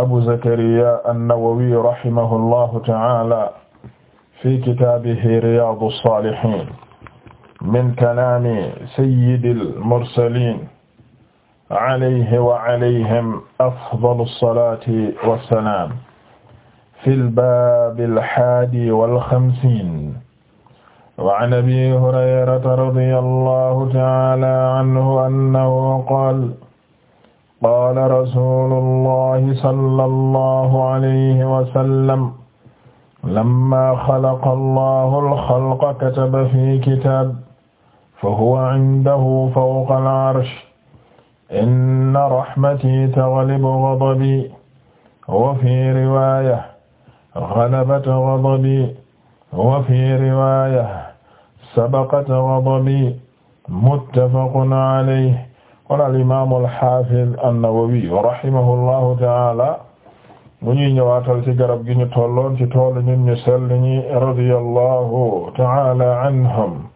abu zakariya annawawi rahimahu llahu ta'ala fi kitaabihi riyaadu saalihiin min kalaami sayyidil mursaliin alayhi wa alayhim afdalu salaati wa salaam fil baabil haadi wal xamsiin wa an abii hurayrata radiyallahu ta'ala anhu annahu qaala qaala rasuulullahi sallallahu alayhi wa sallam lammaa xalaqa Allahul xalqa kataba fi kitaab fahuwa indahu fawqal arsh inna rahmatii taglibu gadabii wa fi riwaaya galabat gadabii wa fi riwaaya sabaqat gadabii muttafaqun alayhi kon al imaam al haafiz an-Nawawi rahimahullahu ta'ala mu ñuy ñëwaatal ci garab gi ñu tolloon ci toolu ñun ñu sell ñi radiyallahu ta'ala anhum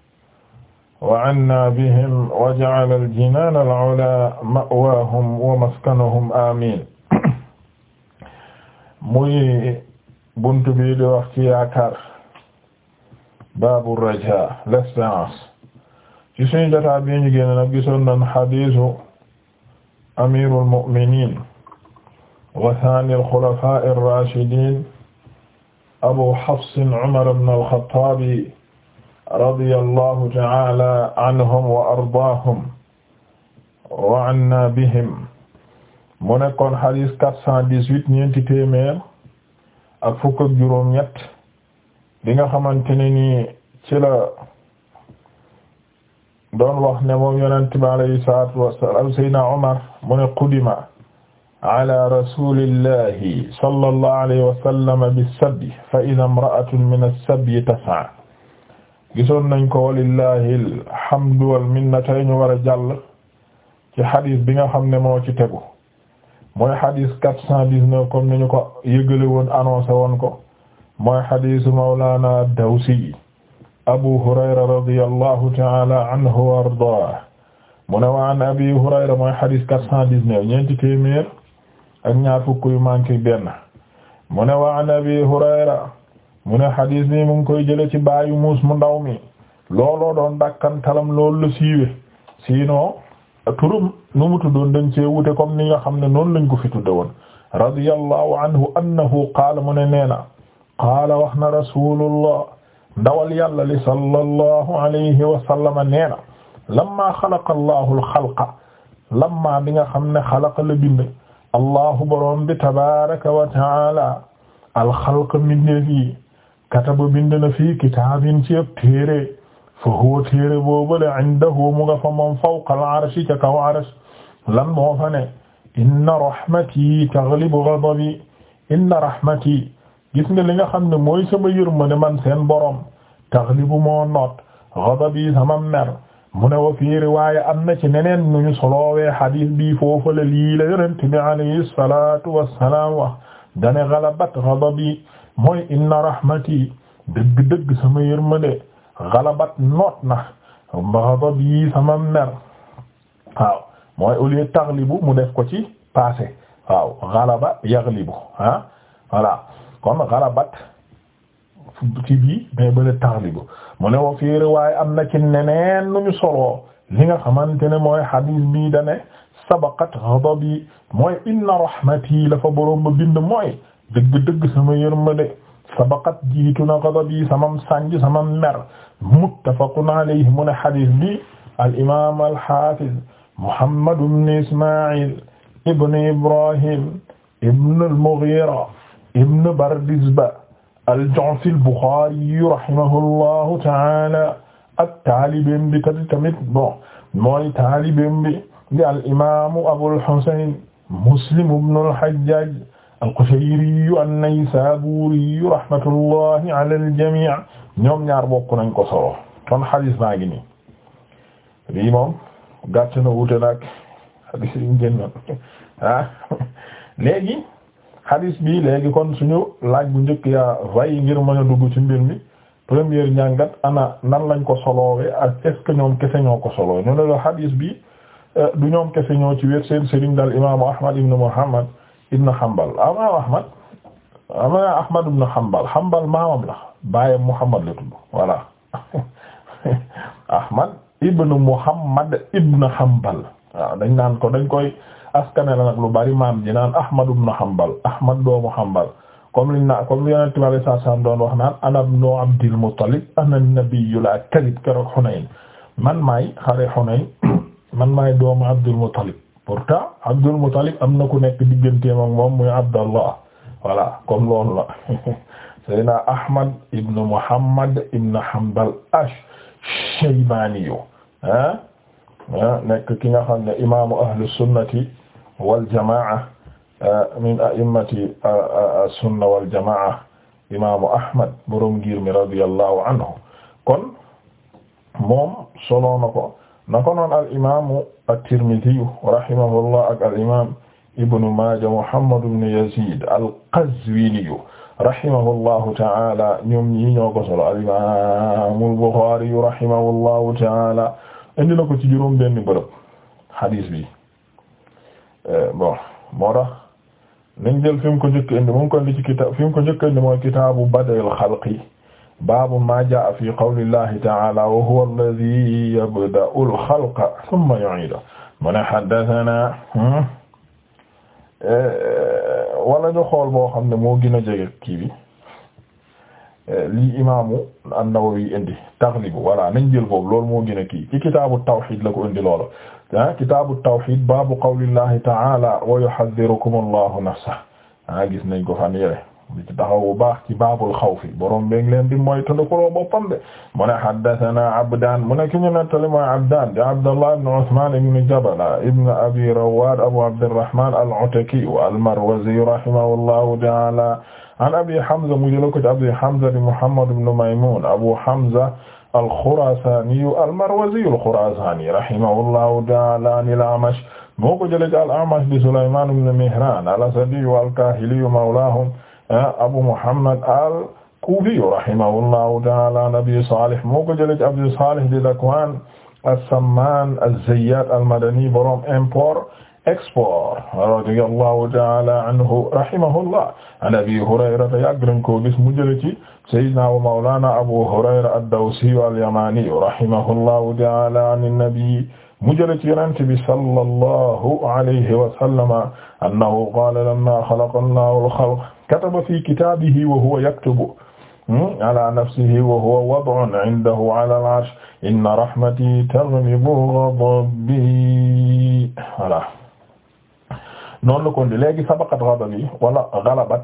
wa anna bihim wa ja'ala al-jinaan al-'ulaa ma'waahum wa maskanahum amiin muy buntu bi di wax ci yaakaar baabu rajaa l'espérance ci suñu jotaay bi ñu génn nag gisoon nañu hadiisu amiirul mu'miniin wa saanil xulafaa'ir raashidiin abu hafsin umar ibn al-xattaab radiyallaahu ta'aalaa anhum wa ardaahum wa annaa bihim mu nekkoon hadiis quatre cent dix-huit ak fukk ak juróom-ñett ci la. doon wax ne moom yonent bi alayhi salaatu wassalaam Seydina Omar mu ne qudima ala rasulillahi sallallahu alayhi wa sallam bis-sabyi fa idaa imra'atun mina as-sabyi tas'aa gisoon nañ ko walillahi alhamdu wal minna tey ñu war a jàll ci xadis bi nga xam ne moo ci tegu mooy xadis quatre cent dix-neuf comme ni ñu ko yëgale woon annoncé woon ko mooy xadisu Mawlaana Dawsi abu hurayra radiyallahu ta'ala anhu wa ardaahu mu ne wa an abi hurayra mooy xadis quatre cent dix-neuf ñeenti téeméer ak ñaar fukk yu manqué benn mu ne wa an abi hurayra mu ne xadis bi mu ngi koy jële ci baayu muus mu ndaw mi looloo doon dakkantalam loolu la siiwe sinon turum nu mu tuddoon dañ cee wute comme ni nga xam ne noonu lañ ko fi tudde woon radiyallahu anhu annahu qaala mu ne nee na qaala wax na rasulullah dawal yàlla li sallallahu alayhi wa sallama nee na lammaa xalaqa allahu alxalqa lammaa bi nga xam ne xalaqa la bind allahu boroom bi tabaraka wa taala alxalqa mbindeef yi kataba bind na fii kitaabin ci ab téere fa huwa téere boobale indahu mu nga fa moom fawqa al-arshi ca kaw arsh lan moo fa ne inna rahmati taghlibu ghadabi inna rahmati gis nga li nga xam ne mooy sama yërmande man seen borom taxlibu moo noot ghadabi sama mer mu ne wa fii riwaaya am na ci neneen nu ñu soloowee bi foofu la lii la yonent bi alayhi salaatu wassalaam wax dane ghalabat ghadabi mooy inna rahmati dëgg-dëgg sama yërmande ghalabat noot na ghadabi sama mer waaw mooy au lieu mu def ko ci passé waaw ghalaba yaghlibu ah kon xarabat ci bi mais bale taxlibu mu wa fii riwaaya am na ci neneen nu ñu soloo li nga xamante ne mooy hadis bii dane sabaqat ghadabi mooy inna rahmati la fa boroom ba bind mooy dëgg-dëgg sama yërmande sabaqat jiitu na samam sànj samam mer muttafaqun alayhi mu ne bi al imam al hafiz muhammad ibn isma'il ibn ibrahim ibn al mughira ibn Bardizba al-Ju'fi al-Bukhari rahimahullahu ta'ala ak taalibem bi tamit bon mooy taalibem bi di al-imaamu Abul Husayn Muslim ibn al-Hajjaj al-Qushayri an-Naysaburi rahmatullahi ala al-jamii' ñoom ñaar bokk nañ ko solo kon xadis baa ngi nii lii moom gàtt na wuute nag xadis yi ñu génnoon ah léegi. xadis bi léegi kon suñu laaj bu njëkk yaa rey ngir mën a dugg ci mbir mi première njàngat ana nan lañ ko soloowe ak est ñoom kese ñoo ko soloo ñu ne la xadis bi euh, du ñoom kese ñoo ci wér seen sëriñ dal imaamu ahmad ibn muhammad ibn hanbal imaamu ahmad ama ahmad ibn hanbal hanbal maamam la baayam muhammad la tudd voilà ahmad ibn muhammad waaw dañ naan ko dañ koy askane la nag lu bari maam ji naan Ahmad ibn Hanbal Ahmad doomu Hanbal comme liñ na comme yonent bi alayhi salaam doon wax naan ana ibnu Abdil ana nabiyyu la kadib keroog Hunayn man maay xare Hunayn man maay doomu Abdul Muttalib pourtant am na ku nekk digganteem ak moom muy Abdallah voilà comme loolu la Seydina Ahmad ibn Muhammad ibn Hanbal ash-Shaybani ah, ah nekk ki nga xam ne ahlu sunnati wal jamaa eh, min a'immati as-sunna eh, eh, wal jamaa imaamu Ahmad borom ngir mi radiyallahu anhu kon moom solo na ko na ko noon al imaamu at-Tirmidhi rahimahullah ak al imaam Ibnu Maaja Muhammad ibn Yazid al-Qazwini rahimahullahu ta'ala ñoom ñi ñoo ko solo al imaamu al-Bukhari rahimahullahu ta'ala indi na ko ci juróom benn bërëb hadis bi. Euh, bon moo tax nañ jël fi mu ko njëkk indi mu ngi ko indi ci kitaab fi mu ko njëkk indi mooy kitaabu bad'il xalqi baabu maa jaa fi qawlillahi ta'ala wa huwa alladhi yabda'ul xalqa thumma yu'iiduhu mu ne haddathana hmm? euh, wala ñu xool boo xam ne moo gën a jege kii bi lii imaamu an-Nawawi indi Taghlibu voilà nañ jël boobu loolu moo gën a kii ci kitaabu tawhid la ko indi loola ah kitaabu tawhid baabu qawlillahi ta'ala wa yuhadhdhirukumu Allahu nafsahu ah gis nañ ko fan yére li ci taxaw bu baax ci baabul xawfi borom beeg leen di mooy tëndakuloo boppam de mu ne haddathana Abdaan mu ne ki ñu nettali mooy Abdaan di Abdallah ibn Usmaan ibn Jabala ibn Abi Rawwaad Abu Abdirrahmaan al-Ataki al-Marwazi rahimahullahu ta'ala an abi hamza mu jëla ko ci abi hamza di muhammad ibn maymun abu hamza al-Khurasaniyu al-Marwaziyu al-Khurasani rahimahullahu ta'ala an al-A'mash moo ko jëlee ci al-A'mash di Sulaymaan ibn Mihraan al-Asadiyu al-Kaahiliyu mawlaahum ah, Abu Muhammad al-Kuufiyu rahimahullahu ta'ala an Abi Saalih moo ko jëlee ci Abi Saalih di Dhakwaan as-Sammaan az-Zayyaat al-Madani borom import export radiyallahu ta'ala anhu rahimahullah an abi hurayrata yàgg nañ koo gis mu jële ci sayyidina wa mawlana abu hurayra ad-dawsi al-yamani rahimahullahu ta'ala an an-nabi mu jële ci yonent bi sallallahu alayhi wa sallama annahu qala lamma khalaqa allahu al-khalq kataba fi kitabihi wa huwa yaktubu hmm, ala nafsihi wa huwa wad'un 'indahu 'ala al-'arsh inna rahmati taghlibu ghadabi noonu la ko ndi léegi sabaqat ghadabi wala ghalabat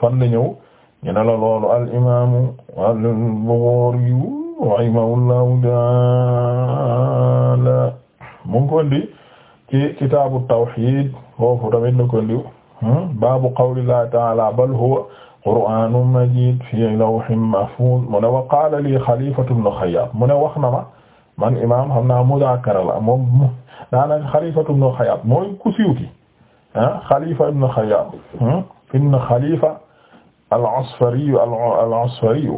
fan la ñëw ñu ne la loolu al imaamu al-Bukhari rahimahullahu ta'ala mu ngi ko ndi ci kitaabu tawhid foofu tamit la ko ndi hmm? baabu qawlillahi ta'ala bal huwa qur'aanun fii lawhin mahfuuz mu ne wa qaala lii Xalifatu bnu mu ne wax na ma man xam naa muzaakara bnu Xayyaat mooy ku siiw Xalifa ah, ibn Xayyaat hmm? ibn Xalifa al-Asfari al-Asfari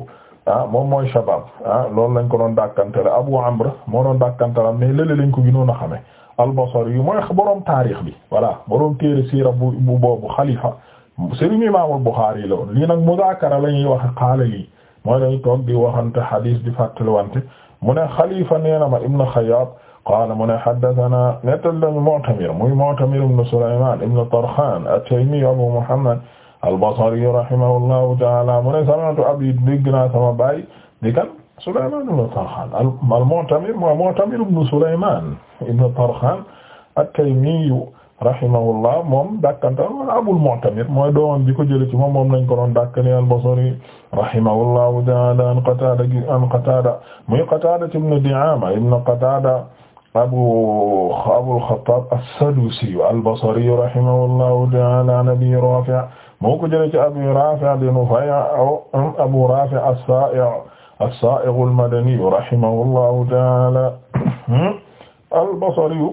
ah, moom mooy Shabaab ah, lool lañ ko doon dàkkanteel Abu Amr moo doon dàkkanteel mais léeg-léeg lañ ko gënoon a xamee al-Basri mooy borom taarix bi voilà borom téere siira bu bu boobu Xalifa Serigne Imaamul Buxaari la woon lii nag muzaakara la ñuy wax xaala lii mooy dañuy toog di waxante xadiis di fàttaliwante mu ne Xalifa nee na ma ibn Xayyaat qaala mu ne haddasanaa nettal lañu Mu'tamir muy Mu'tamir ibn Sulaymaan ibn Tarxaan at-Taymi Abu Muhammad al-Basri rahimahullahu ta'aala mu ne sami'tu abii dégg naa sama baay di kan Sulaymaan ibn Tarxaan al-Mu'tamir mooy Mu'tamir ibn Sulaymaan ibn Tarxaan at-Taymi rahimahullah moom dàkkanta Abul Mu'tamir mooy doomam bi ko jëlee ci moom moom lañ ko doon dàkkale al-Basri rahimahullahu ta'aala an Qataada an Qataada muy Qataada ibn Di'aama ibn Qataada abu abul xattaab as-sadusi al-basri rahimahullahu ta'ala an abi raafi' moo ko jëlee ci abi raafi' di nufay' abu raafi' as-saa'i' as-saa'iq al-madani rahimahullahu ta'ala al-basri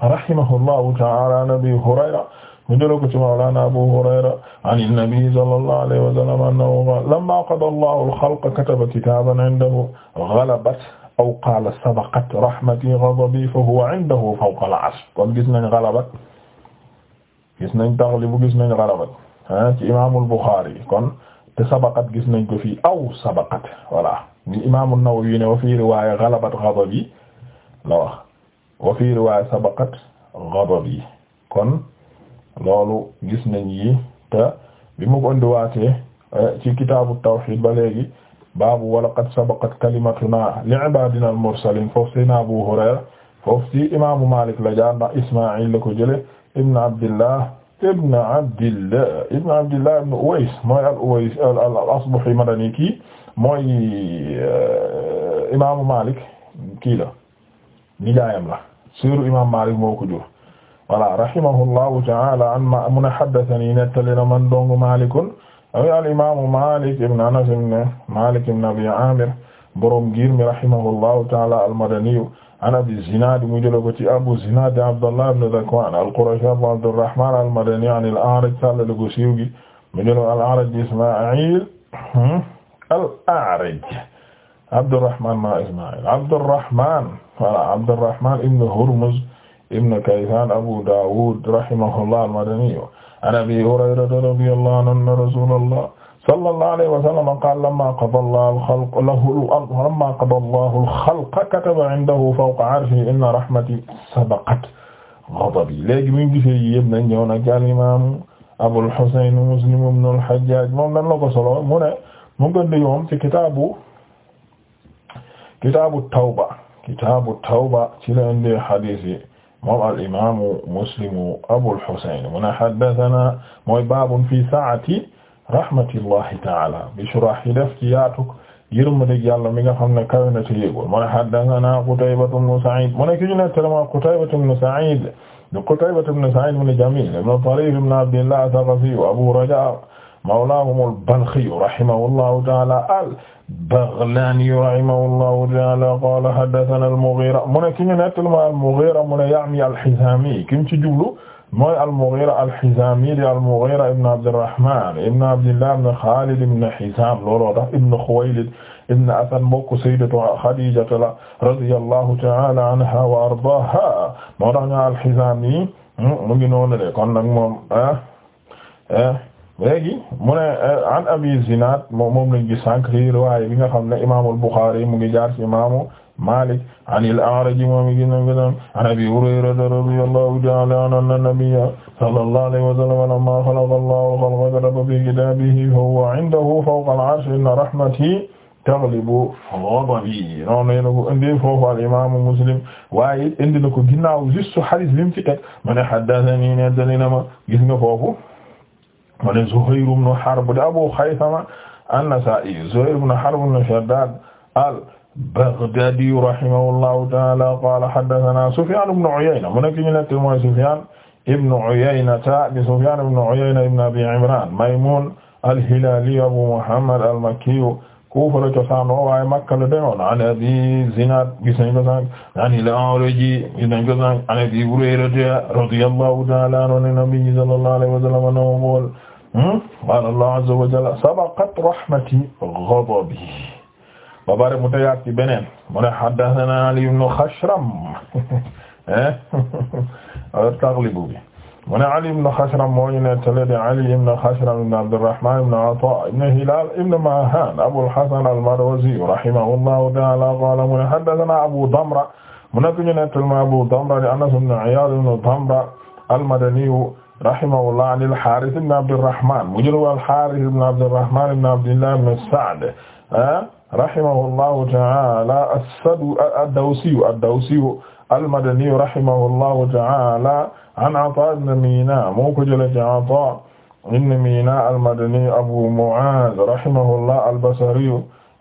rahimahullahu ta'ala an abi hurayra mu jëlee ko ci mawlaana abu hurayra an an-nabi sallallahu alayhi wa sallam annahu qaala lammaa qadaa allahu al-xalqa kataba kitaaban 'indahu ghalabat aw qaala sabaqat rahmati ghadabi fa huwa indahu fawqa al-arsh kon gis nañ ghalabat gis nañ taxlibu gis nañ ghalabat ah ci imaamul Buxaari kon te sabaqat gis nañ ko fii aw sabaqat voilà ni imaamu Nawawi ne wa fii riwaaya ghalabat ghadabi la wax wa fii riwaaya sabaqat ghadabi kon loolu gis nañ yi te bi mu ko indiwaatee eh, ci kitaabu tawhiid ba léegi. baabu wa laqad sabaqat kalimatuna li ibadina al-mursalin foofu si na Abu Hurayra foofu si imaamu Malik la jaar ndax Ismaa'il la ko jëlee ibn Abdillah ibn Abdillah ibn Abdillah ibn Uways mooy al-Uways al-Asbahi madani kii mooy euh, imaamu Malik kii la nijaayam la sœur imaamu Malik moo ko jur voilà rahimahullahu ta'ala an ma mun haddathani nettali na man dong Malikun al imaamu Malik ibn Anas ibn Malik ibn Abi Amir borom ngir mi rahimahullahu ta'ala al-Madaniyu an Abi Zinad mu jëloon ko ci Abu Zinad Abdullah ibn Zakwan al-Qurashi Abu Abdurrahman al-Madani an al-A'raj sàllale gu siiw gi mu jëloon al-A'raj Isma'il hmm, al-A'raj Abdurrahman ma Isma'il Abdurrahman voilà Abdurrahman ibn Hurmuz ibn Kaysan Abu Dawud rahimahullah al-Madaniyu an abi hurayrata radiyallahu anhu anna rasulallah sallallahu alayhi wa sallam qaala lammaa qadaa Allahu al-khalqa lahu lammaa qadaa Allahu al-khalqa kataba indahu fawqa arshihi inna rahmatii sabaqat ghadabii léegi mi ngi gisee yëpp nañ ñëw nag al-imaam Abul Husayn Muslim ibn al-Hajjaj moom nan la ko solo mu ne mu ngi gën di yoon ci kitaabu kitaabu tawba kitaabu tawba ci la indi hadiis yi moom al imaamu muslimu abul husayn mu ne haddathana mooy baabun fi saati rahmatullahi taala bishrah yi def ci yaatuk yërmandeeg yàlla mi nga xam ne kawe na te yéegul mu ne haddathana qutaybatu ibn sa'id mu ne ki ñu nettali ma qutaybatu ibn sa'id du qutaybatu ibn sa'id ibn jamil ibn tarif ibn abdillah ath-thaqafi abu raja' mawlahum al-balkhi rahimahullahu taala Baghlaani rahimahullahu ta'aala qaala haddathanaa al-Mughiira mu ne ki ñu nettali mooy al-Mughiira mu ne ya'ni al-Hizaami ki mu ci jublu mooy al-Mughiira al-Hizaami di al-Mughiira ibn Abdirrahmaan ibn Abdillah ibn Khaalid ibn Hizaam looloo tax ibn Khuwaylid ibn Asad mbokk sayyidatu Khadiija la radiyallahu ta'aala anhaa wa ardaahaa moo tax ñu al-Hizaami mu ngi noonu de kon nag moom ah, ah. léegi mu ne euh, an abi zinad moom lañ gis sànq ci riwaaya bi nga xam ne imaamul Buxaari mu ngi jaar ci imaamu Maalik an al-A'raj moom i gis an abi Hurayrata radiyallahu ta'ala anhu anna nabiyya sallallahu alayhi wa sallam lamma khalaqa Allahu al-khalqa kataba fi kitaabihi fa huwa 'indahu fawqa al-'arshi inna rahmatii taghlibu ghadabii noonu yéena ko indi foofu al-imaamu Muslim waaye indi na ko ginnaaw juste hadiis bi mu fi teg mu ne haddathanii gis nga foofu mu ne Zuhayr ibn Harb de Abu Khaythama an-Nasa'i Zuhayr ibn Harb ibn Shaddad al-Baghdadi rahimahullahu ta'ala qala haddathana Sufyan ibn Uyayna mu nekk ñu nekk mooy Sufyan ibn Uyayna di Sufyan ibn Uyayna ibn Abi Imran Maymun al-Hilali Abu Muhammad al-Makki Kufa la cosaan waaye Makka la demoon an Abi Zinad gis nañ ko sànq an al-A'raji gis nañ ko sànq an Abi Hurayra radiyallahu ta'ala anhu an-Nabi sallallahu alayhi wa sallam qaala hmm? allah azza wa jalla sabaqat rahmati ghadabi ba pare mu tegaat ci beneen mu ne haddathana ali ibn khashram eh? taglibu bi mu ne ali ibn khashram moo ñu nettali di ali ibn khashram ibn abdurrahman ibn ata ibn hilal ibn mahan abul hasan al-marwazi rahimahullahu ta'ala qaala mu ne haddathana abu damra mu nekk ñu nettali ma abu damra di anas ibn iyad ibn damra al-madani rahimahullah an al-Haaris ibn Abdirrahmaan mu jël al-Haaris ibn Abdirrahmaan ibn Abdillah ibn Sa'd rahimahullahu ta'aala ad-Dawsiyyu ad-Dawsiyyu al-Madaniyyu rahimahullahu ta'aala an Ataa ibn Miinaa moo ko jëlee ci Ataa ibn Miinaa al-Madaniyyu Abu Mu'aaz rahimahullah al-Basriyyu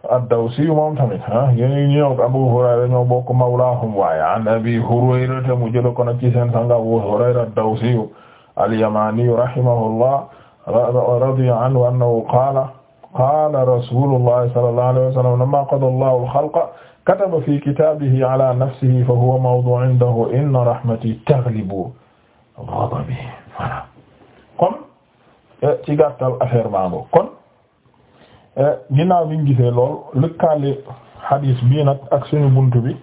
ad-Dawsiyyu moom tamit ah yéen ñëw Abu Hurayra ñoo bokk mawlaahum waaye an Abii Hurayra mu jël ko nag ci seen sang Abu Hurayra ad-Dawsiyyu al-Yamani rahimahullah radiya anhu annahu qaala qaala rasuulullahi sallallahu alayhi wa sallam lamma qada Allahu al-khalqa kataba fi kitaabihi ala nafsihi fa huwa mawdu'un indahu inna rahmatii taghlibu ghadabii voilà kon eh, ci gàttal affaire baango kon eh, ginnaaw biñ gisee lool lëkkaale xadiis bii nag ak suñu bunt bi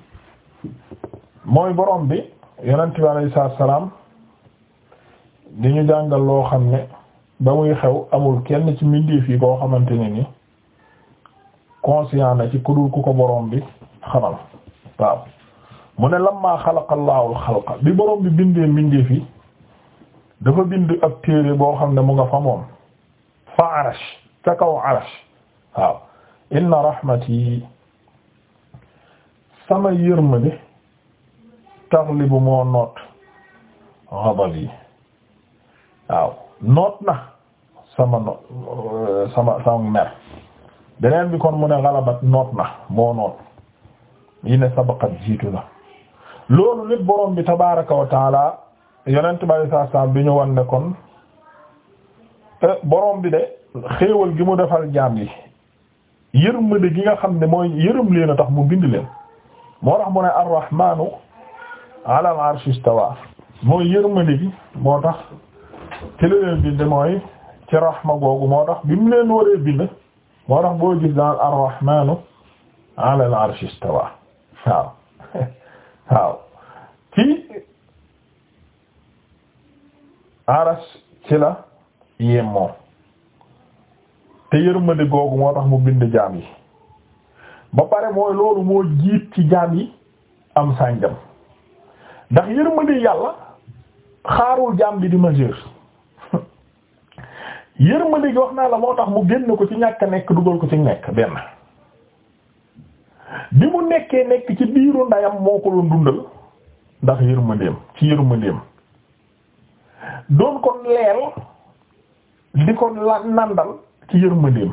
mooy borom bi yonent bi alayhi salaam di ñu jàngal loo xam ne ba muy xew amul kenn ci mbindeef yi koo xamante ne ni conscient na ci ku dul ku ko borom bi xamal waaw mu ne lammaa xalaqallaahul xalqa bi borom bi bindee mbindeef yi dafa bind ab téere boo xam ne mu nga fa moom fa arash ca kaw arash waaw inna rahmati sama yërmande taxlibu moo noot xabal yi waaw noot na sama no sama sama mer beneen bi kon mu ne galabat noot na moo noot yi ne sabaqat jiitu na loolu lépp borom bi tabaraka wa taala yonent bari saa saa bi ñu wan ne kon eh, borom bi de xéewal gi mu defal jaam yi yërmande gi nga xam ne mooy yërëm leen a tax mu bind leen moo tax mu ne ar-rahmaanu al-arshi istawa mooy yërmande gi moo tax ci la bind mooy ci rahma googu moo tax bi mu leen waree bind moo tax boo gis daal ar-rahmaanu ala al-arsh istawa waaw waaw ci aras ci la yemmoo te yërmande googu moo tax mu bind jaam yi ba pare mooy loolu moo jiit ci jaam yi am sànjam ndax yërmande yàlla xaarul jaam bi di majeur yërmande gi wax naa la moo tax mu génn ko ci ñàkk nekk dugal ko ci nekk benn bi mu nekkee nekk ci biiru ndayam moo ko doon dundal ndax yërmandeem ci yërmandeem doon ko leel di ko la nandal ci yërmandeem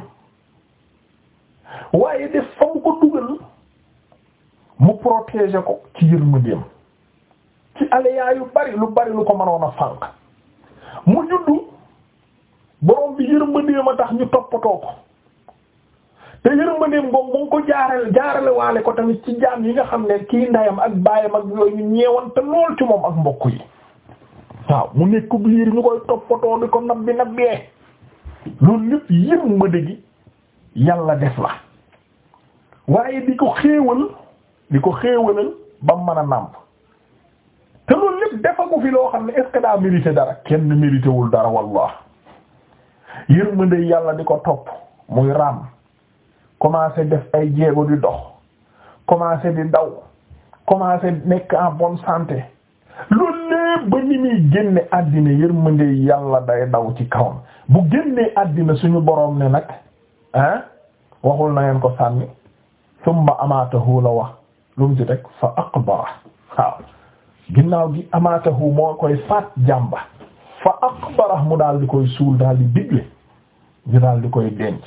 waaye def fa mu ko dugal mu protéger ko ci yërmandeem ci aleyaa yu bari lu bari lu ko mënoon a mu juddu borom bi yërmandeem a tax ñu toppatoo ko te yërmandeem boobu mu ngi ko jaarale jaarale waale ko tamit ci jaam yi nga xam ne kii ndayam ak baayam ak yooyu ñu ñeewante lool ci moom ak mbokk yi waaw mu nekk biir ñu koy toppatoo di ko nabbi nabbee loolu lépp yërmande gi yàlla def la waaye di ko xéewal di ko xéewalal ba mën a nàmp te loolu lépp defagu fi loo xam ne est-ce que daa mérité dara kenn méritéwul dara wallah yërmande yàlla di ko topp muy ràmm commencé def ay jéego di dox commencé di ndaw commencé nekk en bonne santé loolu lépp ba ni muy génne àddina yërmande yàlla day daw ci kawam bu génnee àddina suñu boroom ne nag ah waxul na ngeen ko sànni summa amaatahu la wax lu mu ci rek fa aqbara waaw ginnaaw gi amaatahu moo koy faat jàmba fa aqbara mu daal di koy suul daal di digle ñu daal di koy denc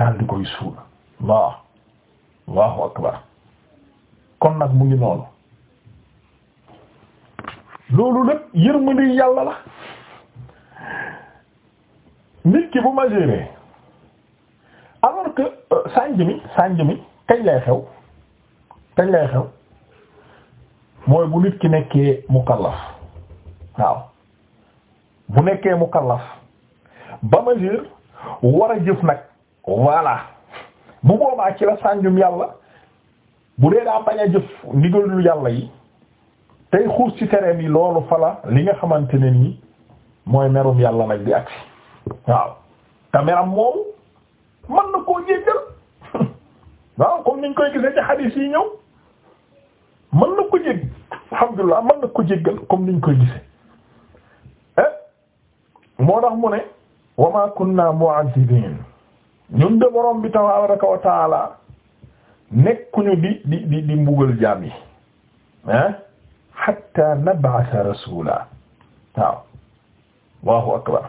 daal di koy suul waaw Allahu akbar kon nag mu ngi noonu loolu lépp yërmande yàlla la nit ki bu majeure alors que euh, sànj mi sànj mi kañ lay xew kañ lay xew mooy bu nit ki nekkee mukallaf waaw bu nekkee mu mukallaf ba majeur war a jëf nag voilà bu boobaa ci la sànjum yàlla bu dee daa bañ a jëf ndigalu yàlla yi tey xuus ci tereem yi loolu fala li nga xamante ne nii mooy merum yàlla nag di agsi waaw te meram moom mën na koo jéggal waaw comme niñ koy gisee ci xadiis yi ñëw mën na ko jégg alhamdulilah mën na ko jéggal comme niñ koy gisee moo tax mu ne wa ma kunna mu'azzibin ñun de borom bi tabaraka wa taala nekkuñu di di di di mbugal jaam yi ah hatta nab'atha rasula waaw allahu akbar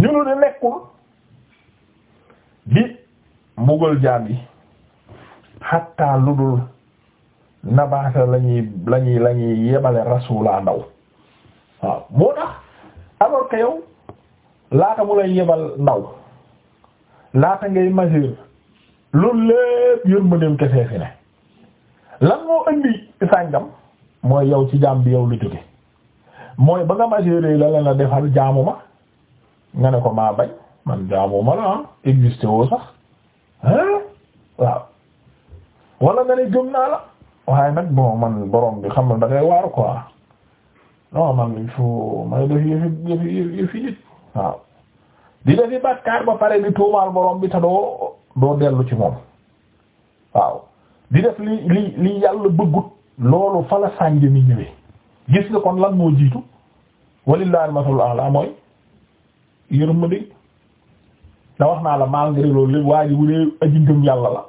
ñunu de nekkul di mbugal jaam yi hatta lu dul nab'atha lañuy lañuy lañuy yebale rasula ndaw waaw moo tax alors que yow laata mu lay yebal ndaw laata ngay majeur loolu lépp yërmandeem kese fi ne lan moo indi sàngam mooy yow ci jaam bi yow lu jóge mooy ba nga majeure la la la defal jaamu ma nga ne ko maa bañ man jaamu ma la ah existé woo sax hein waaw wala nga ne gëm naa la waaye nag bon man borom bi xam na da ngay ko quoi. non man il faut may def yëfi yëfi yëfi yëfi waaw di defi bàkkaar ba pare di tuumaal borom bi te doo doo dellu ci moom waaw di def li li li yàlla bëggut loolu fa la sànge mi ñëwee gis nga kon lan moo jiitu walillahi masalul a'la mooy yërmande da wax naa la malgré loolu lépp waa ji bu dee aji ngëm yàlla la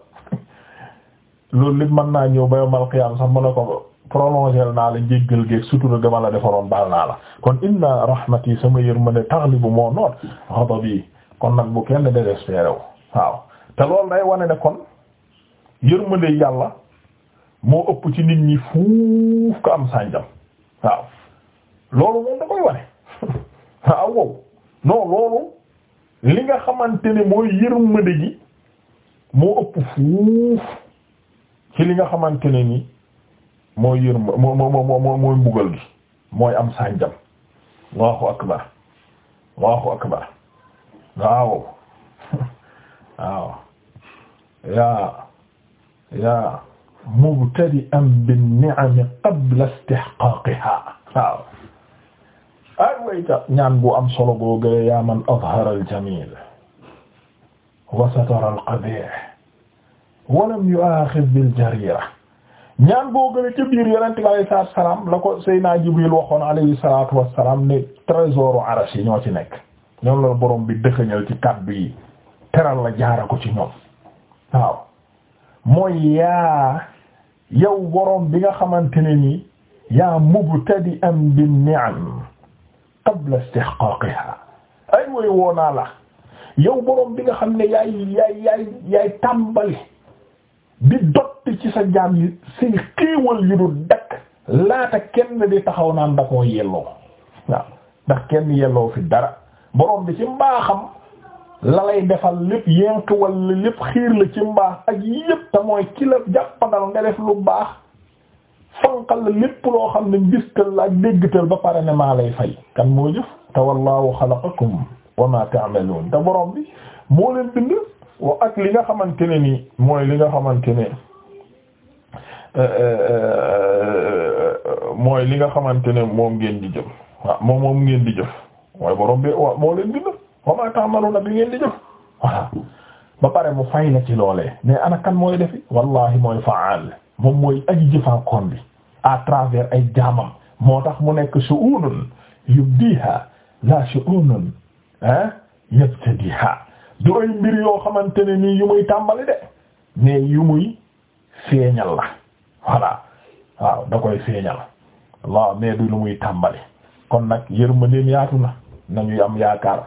loolu lépp mën naa ñëw ba yombal xiyam sax mën a ko prolongé naa la njéggal géeg sutura gama la defaroon baal naa la kon inna rahmati sama yërmande taghlibu moo noot ghadabi kon nag bu kenn désespéré wu waaw te loolu day wane ne kon yërmande yàlla moo ëpp ci nit ñi fuuf ko am sànjam waaw loolu moom da koy wane waaw wow loolu li nga xamante ne mooy yërmande gi moo ëpp fuuf ci li nga xamante ne nii mooy yër moo moo mooy mbugal gi mooy am sànjam allahu akbar allahu akbar waaw waaw yaa yaa mubtadi'an bin ni'am qabla istihqaqiha waaw ay wayta ñaan bu am solo boo gëre yaa man azhara al jamil wa satara al qabih wa lam yu'akhidh bil jarira ñaan boo gën a ca biir yonent bi salaam lako ko Seydina Jibril waxoon alayhi salaatu wassalaam ne trésor arsh yi ñoo ci nekk ñoom la borom bi dëxëñal ci kàddu yi teral la jaara ko ci ñoom waaw mooy yaa yow borom bi nga xamante ne nii yaa mubtadi'an bin ni'am qabla istihqaaqiha ay way woonaa la yow borom bi nga xam ne yaay yaay bi dot yëkkati ci sa jaam yi seen xéewal yi du dakk laata kenn di taxaw naan da koo yelloo waaw ndax kenn yelloo fi dara borom bi ci mbaaxam la lay defal lépp yenk walla lépp xiir la ci mbaax ak yépp te mooy ki la jàppandal nga def lu baax fanqal la lépp loo xam ne ngistal la ak déggtal ba pare ne maa lay fay kan moo jëf te wallaahu xalaqakum wa ma ta'malun te borom bi moo leen bind wa ak li nga xamante ne nii mooy li nga xamante ne Euh, euh, euh, mooy li nga xamante ne moom ngeen di jëm waaw moom moom ngeen di jëf mooy borom bi moo leen bind wa ma ta'maluna bi ngeen di jëf voilà ba pare mu fay la ci loolee mais ana kan mooy defi wallahi mooy faal moom mooy aji jëfaakoon bi à travers ay jaamam moo tax mu nekk shu'unun yubdiha la shu'unun ah yabtadiha du ay mbir yoo xamante ne nii yu muy tàmbali de mais yu muy feeñal la voilà waaw da koy feeñal waaw mais du lu muy tàmbali kon nag yërmandeem yaatu na nañuy am yaakaar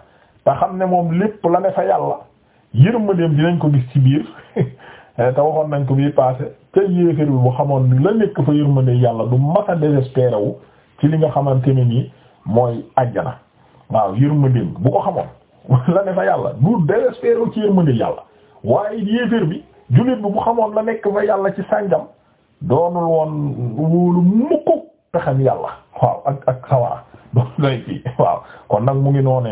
te xam ne moom lépp la ne fa yàlla yërmandeem dinañ ko gis ci biir eh, te nañ ko bii passé te bi bu xamoon la nekk fa yàlla du masa désespéré wu ci li nga xamante ne nii mooy àjjana waaw yërmandeem bu ko xamoon la ne fa yàlla du désespéré ci yërmande yàlla waaye yéeféer bi jullit bi bu xamoon la nekk fa yàlla ci sànjam doonul woon wóolu mukk pexem yàlla waaw ak ak sawara doon lay kii waaw kon nag mu ngi noonee